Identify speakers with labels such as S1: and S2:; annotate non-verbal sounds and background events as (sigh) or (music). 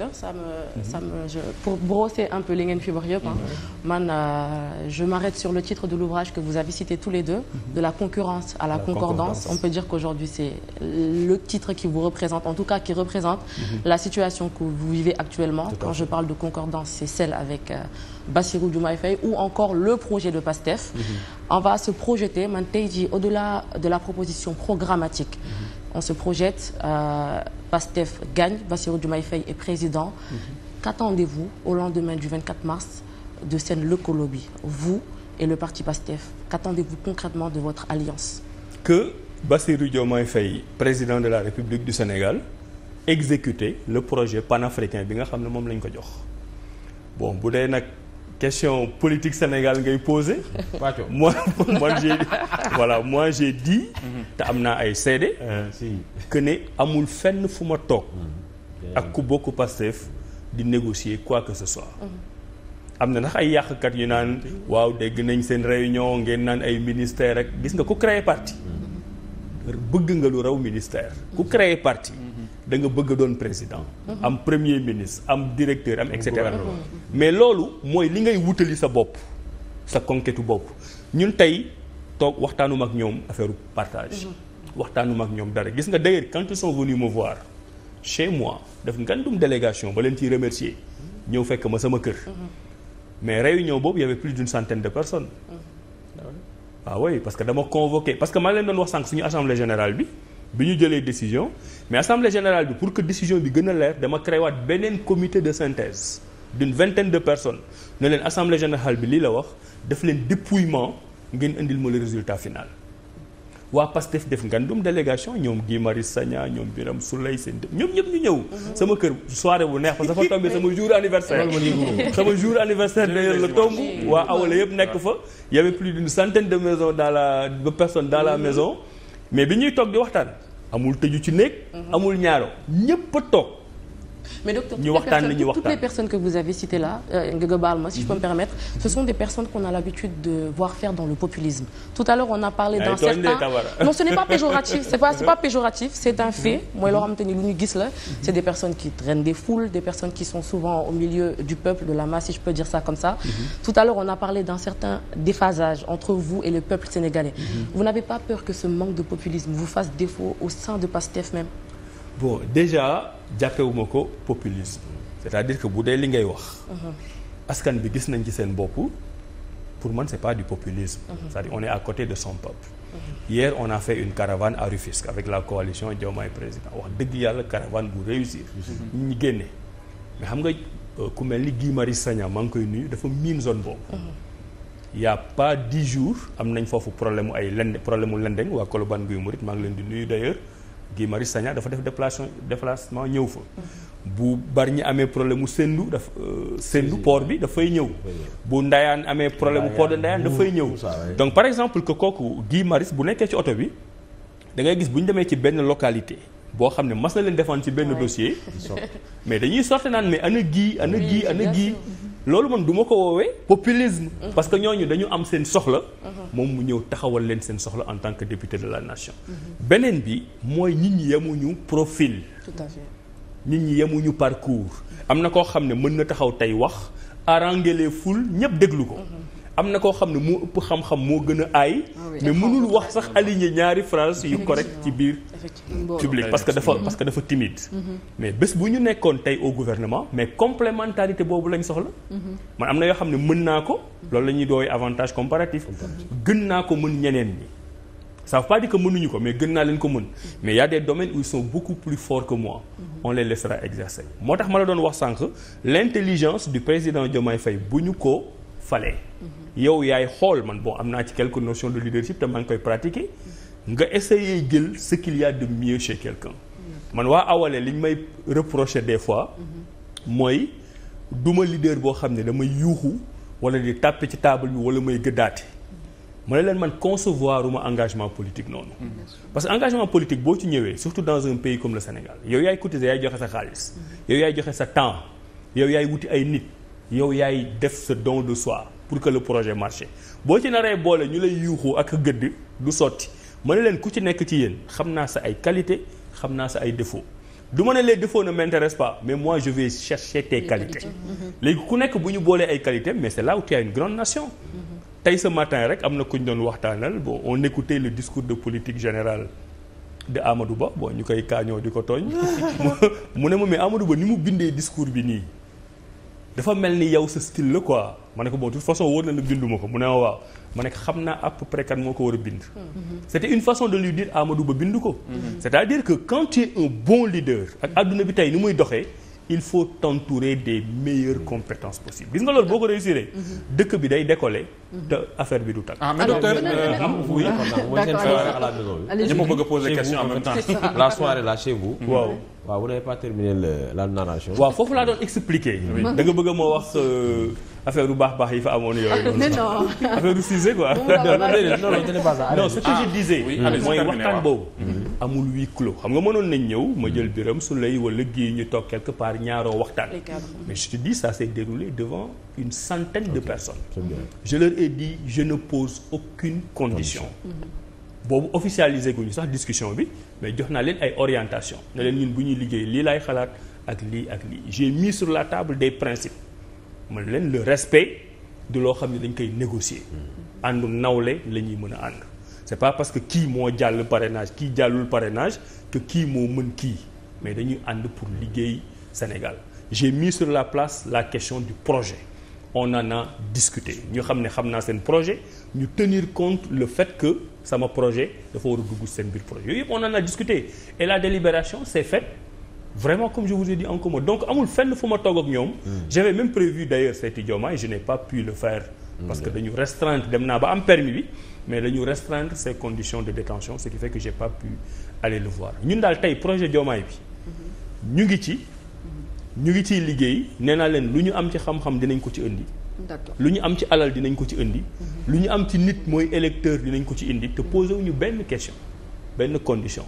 S1: secteur ça me mm -hmm. ça me je pour brosser un peu li ngeen fi wax yëpp man euh, je m'arrête sur le titre de l'ouvrage que vous avez cité tous les deux mhm. de la concurrence à la, la concordance. concordance on peut dire qu'aujourd'hui c'est le titre qui vous représente en tout cas qui représente mm -hmm. la situation que vous vivez actuellement tout quand je parle de concordance c'est celle avec euh, Bassirou Diomaye Faye ou encore le projet de PASTEF mm -hmm. on va se projeter man tey jii au-delà de la proposition programmatique mhm. on se projette euh, Pastef gagne Bassirou Diomaye Faye est président mm -hmm. qu'attendez-vous au lendemain du 24 mars de seen lëkkaloo bi vous et le parti Pastef qu'attendez-vous concrètement de votre alliance
S2: que Bassirou Diomaye Faye président de la République du Sénégal exécuter le projet panafricain bi nga xam ne moom lañ ko jox bon bu dee nag question politique Sénégal ngay posé. (laughs) moi moi j'ai voilà mois j'ai di mhm. te am naa ay seede. Euh, que ne amul fenn fu ma toog. Mhm. ak ku bokk Pastef di négocier quoi que ce soit. Mhm. am na ndax ay yàqkat yu naan waaw dégg nañ seen réunion ngeen naan ay ministère rek gis nga ku créer parti. bëgg nga lu raw ministère. ku créer parti. da nga bëgg a doon président mhm. am premier ministre am directeur am et cetera mhm. mais loolu mooy li ngay wutali sa bopp sa conquête bopp ñun tey toog waxtaanu ma ak ñoom affaire partage mhm. waxtaanu ma ak ñoom dara gis nga d'ailleurs quand ils sont venus me voir chez moi def ngandum délégation ba leen ciy remercier ñëw fekk ma sama kër mais réunion boobu y avait plus d'une centaine de personnes waaw ah oui parce que dama convoqué parce que maa leen doon wax sànq suñu assemblée générale bi bi ñu jëlee décision mais assemblée générale bi pour que décision bi gën a leer dama créé waat beneen comité de synthèse d'une vingtaine de personnes ne leen assemblée général bi lii la wax def leen dépouillement ngeen indil ma résultat final. waa PASTEF def ngandum délégation ñoom Guy Marius Sagna ñoom Birame Souleye seen ñoom ñëpp ñu ñëw. Mhm. sama kër soirée bu neex parce dafa tombé sama jour anniversaire. sama jour anniversaire d'ailleurs la tomb waa awale yëpp nekk fa. y avait plus d'une centaine de maisons mais bi ñuy toog di waxtaan amul tëju ci néeg mhm. amul ñaaro ñëpp a toog
S1: mais docteur toutes les personnes que vous avez citées là euh, nga baal si je peux me permettre ce sont des personnes qu'on a l'habitude de voir faire dans le populisme tout à l'heure on a parlé ah, d'un certain (laughs) non ce n'est pas péjoratif c'est un fait mhm. mooy loo xamante mhm. ni lu ñu gis c'est des personnes qui traînent des foules des personnes qui sont souvent au milieu du peuple de la masse si je peux dire comme ça mhm. tout à l'heure on a parlé d'un certain
S2: bon déjà jàppewuma ko populisme c'est-à-dire que bu dee li ngay wax askan bi gis nañ ci seen bopp pour man c'est pas du populisme c'est-à-dire on est à côté de son peuple hier on a fait une caravane à Rufisque avec la coalition Diomaye président wax dëgg yàlla caravane bu réussir ñu génne mais xam nga euh, ku mel ni Guy Marius Sagna maa ngi koy nuyu dafa miin zone boobu y a pas dix jours am nañ foofu problème ay lende problème mu lendeng waa Colobane Guy Murit maa ngi leen di nuyu d'ailleurs Guy maris Sagna dafa def déplacement déplacement ñëw fa. bu bari ñu amee problème mu sendu daf euh, sendu port bi dafay ñëw. bu ndayaan amee problème mu port de ndayaan dafay ñëw. donc par exemple que kooku Guy Marius bu nekkee ci oto bi da ngay gis bu ñu demee ci benn localité. boo xam ne mas na leen défendre ci benn dossier. (laughs) (laughs) mais dañuy sorti naan mais ana gii ana gii ana gii. loolu man du ko woowee populisme. Mm-hmm. parce que ñooñu dañu am seen soxla. Mm-hmm. moom mu ñëw taxawal leen seen soxla en tant que député de la nation. Mm-hmm. beneen bi mooy nit ñi yemuñu profil. tout nit ñi yemuñu parcours. am na koo xam ne mën na taxaw tey wax arranger les foules ñëpp déglu ko. am na koo xam ne moo ëpp xam-xam moo gën a aay ah mais mënul wax sax aligné ñaari phrase yu correct ci biir public parce que dafa parce que dafa timide mm-hmm. mais bés bu ñu nekkoon tey au gouvernement mais complémentarité boobu lañ soxla mm-hmm. man am na yoo xam ne mën naa ko loolu la ñuy dooy avantage comparatif gën naa ko mën ñeneen ñi ça veut pas dire que mënuñu ko mais gën naa leen ko mën mm-hmm. mais y a des domaines où beaucoup plus forts que moi on les laissera exercer moo tax ma la doon wax sànq l'intelligence du président Diomaye Faye bu ñu ko falee yow yaay xool man boo am naa ci quelques notions de leadership te maa ngi koy pratiquer nga essayer jël ce qu'il y a de chez quelqu'un man waa awalee li ñu may reprocher des fois mooy duma leader boo xam ne damay yuuxu wala di tàppe ci table bi wala may gëddaate ma ne leen man concevoir uma engagement politique noonu mm-hmm. parce que engagement politique boo ci ñëwee surtout dans un pays comme le Sénégal yow yaay cotiser yaay joxe sa xaalis mm-hmm. yow yaay joxe sa temps yow yaay wuti ay nit yow yaay def sa don de soi pour que le projet marché boo ci naree boole ñu lay yuuxu ak gëdd du sotti ma ne leen ku ci nekk ci yéen xam naa sa ay qualité xam naa sa ay défaut du ma ne les défauts ne m'intéressent pas mais moi je vais chercher tes qualités mm-hmm. léegi ku nekk bu ñu boolee ay qualité mais c'est là où tu as une grande nation mm-hmm. tey ce matin rek am na ku ñu doon waxtaanal bon on écoutait le discours de politique générale de Amadou Ba bon ñu koy kaañoo di ko tooñ (laughs) mu ne ma mais Amadou Ba ni mu bindee discours bi nii dafa mel ni yow sa style la quoi ma ne ko bon de toute façon wóor na ne binduma ko mu ne ma waaw ma ne ko xam naa à peu près moo ko war a bind. Mm-hmm. c'était une façon de lui dire Amadou Ba bind ko. Mm-hmm. c'est-à-dire que quand tu es un bon leader. ak àdduna mm-hmm. bi tey ni muy doxee. il faut t'entourer des meilleures compétences possibles gis nga loolu boo ko réussir dëkk bi day décoller te affaire bi du tàkk. Ah, mais docteur euh, oui je ah, me bëgg a poser question en même temps la soirée là chez vous. waaw waaw vous pas terminé la narration. waaw foofu laa doon expliquer. da bëgg moo wax. Euh, affaire bu baax baax yi fa amoon yooyu. non
S1: affaire bu Cissé quoi. non non non ce que je ah. mooy waxtaan boobu.
S2: Mhm. amul huis clos xam nga mënoon nañ ñëw ma jël biram su lay wala gii ñu toog quelque part ñaaroo waxtaan. mais je te dis ça s'est déroulé devant une centaine de personnes. je leur ai je ne pose aucune condition. boobu officialisé guñu sax discussion bi mais jox naa leen ay orientation ne leen ñun bu ñuy liggéey lii laay xalaat ak lii ak lii j'ai mis sur la table des principes. man leen le respect du loo xam ne dañ koy négocier. àndu nawle la ñuy mën a ànd. c'est pas parce que kii moo jàll parrainage kii jàllul parrainage que kii moo mën kii mais dañuy ànd pour liggéey Sénégal j'ai mis sur la place la question du projet. on en a discuté ñu xam ne xam naa seen projet ñu tenir compte le fait que sama projet dafa war a dugg seen biir projet yooyu yëpp on en a et la délibération s'est faite vraiment comme je vous ai dit en commun donc amul fenn fu ma toog ak ñoom. Hmm. j'avais même prévu d'ailleurs seeti Diomaye je n'ai pas pu le fair hmm. parce que dañu restreindre dem naa ba am permis bi mais dañu restreindre ses conditions de détention ce qui fait que j'ai pas pu aller le voir ñun daal tey projet Diomaye bi. Hmm. ñu ngi ci. ñu ngi ciy liggéey nee naa leen lu ñu am ci xam-xam dinañ ko ci indi. d'accord lu ñu am ci alal dinañ ko ci indi. lu ñu am ci nit mooy électeur dinañ ko ci indi te ñu benn question benn condition.